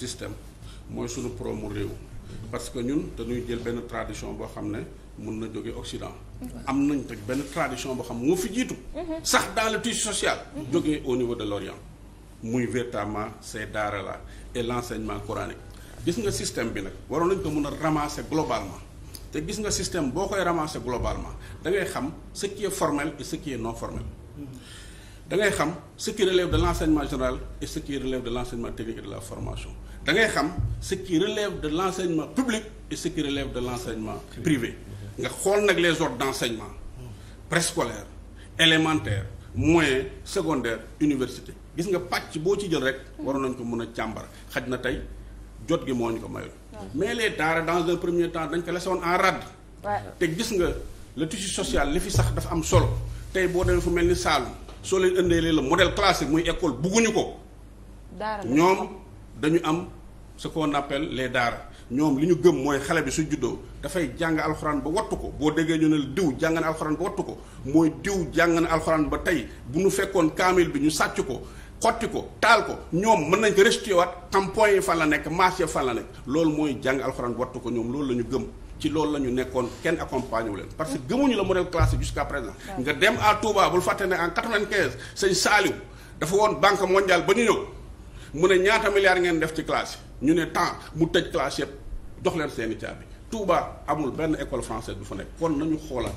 système mooy pro promu réew parce que ñun dañuy jël benn tradition boo xam ne mun na jóge Occident am nañ teg benn tradition boo xam moo fi jiitu sax dans le tissu social jógee au niveau de l'Orient muy véritablement ces daara la et l'enseignement coranique gis nga système bi nag waroon nañ ko mun a ramasser globalement te gis nga système boo koy ramasser globalement da ngay xam ce qui est formel et ce non formel da ngay xam ce qui relève de l'enseignement général et ce de l'enseignement technique la formation da ngay xam ce qui relève de l' enseignement public et ce qui relève de l' enseignement privé nga xool nag les ordres d' enseignement préscolaire élémentaire moyen secondaire université gis nga pàcc boo ci jël rek waroon nañ ko mën a càmbar xaj na tey jot gi moo ñu ko mayul mais les daara dans un premier temps dañ ko laissé woon en rade te gis nga le tissu social li fi sax dafa am solo tey boo demee fu mel ni Saalum soo leen ëndeelee le modèle classique muy école bugguñu ko ñoom dañu am ce qu'on appelle les daara ñoom li ñu gëm mooy xale bi su juddoo dafay jàng alxuraan ba wattu ko boo déggee ñu ne diw jàng na alxuraan ba wattu ko mooy diw jàng na alxuraan ba tey bu ñu fekkoon kaamil bi ñu sàcc ko xotti ko taal ko ñoom mën nañ ko restitué waat xam point yi fan la nekk marché fan la nekk loolu mooy jàng alxuraan wattu ko ñoom loolu la ñu gëm ci loolu la ñu nekkoon kenn accompagné wu leen parce que gëmuñu la modèle classique jusqu'à présent nga dem à Touba bul fàtte en 95 sëñ Saliou dafa banque mondiale ba ñu ñëw mu ne ñaata milliards ngeen def ci classe yi ñu ne temps mu tëj classe yëpp dox leen seeni caabi Touba amul benn école française bu fa nekk kon nañu xoolal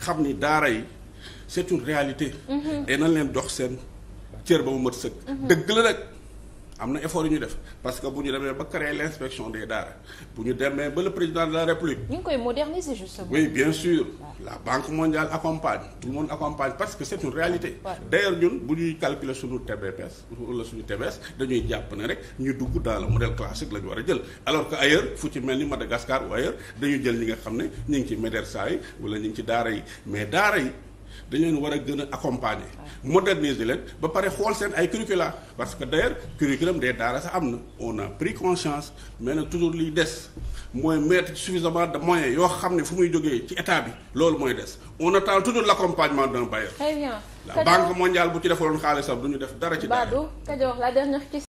xam ni daara yi c'est une réalité. de mm-hmm. nañ leen dox seen cër ba mu mët sëkk. Mm-hmm. dëgg la rek. am na effort yu ñu def parce que bu ñu demee ba créer l' inspection des daara bu ñu demee ba le président de la république. ñu ngi koy moderniser justement. oui bien sûr la banque mondiale accompagne tout le accompagne parce que c' est une réalité. d' ailleurs ñun bu ñuy calculer suñu TBPS wala suñu TBS dañuy jàpp ne rek ñu dugg dans le modèle classique la ñu war a jël alors que ailleurs fu ci mel ni Madagascar ou ailleurs dañuy jël ñi nga xam ne ñi ngi ci médersa yi wala ñu ngi ci daara yi mais daara yi. dañ leen war a gën a accompagner moderniser leen ba pare xool seen ay curricula parce que d'ailleurs curriculum des daara sax am na on a pris conscience mais nag toujours liy des mooy mettre suffisamment de moyens yoo xam ne fu muy jógee ci état bi loolu mooy des on attend toujours l'accompagnement d'un bailleur. très bien la banque mondiale bu ci defaloon xaalisam du ñu def dara ci daara. Badou Kajoor la dernière question.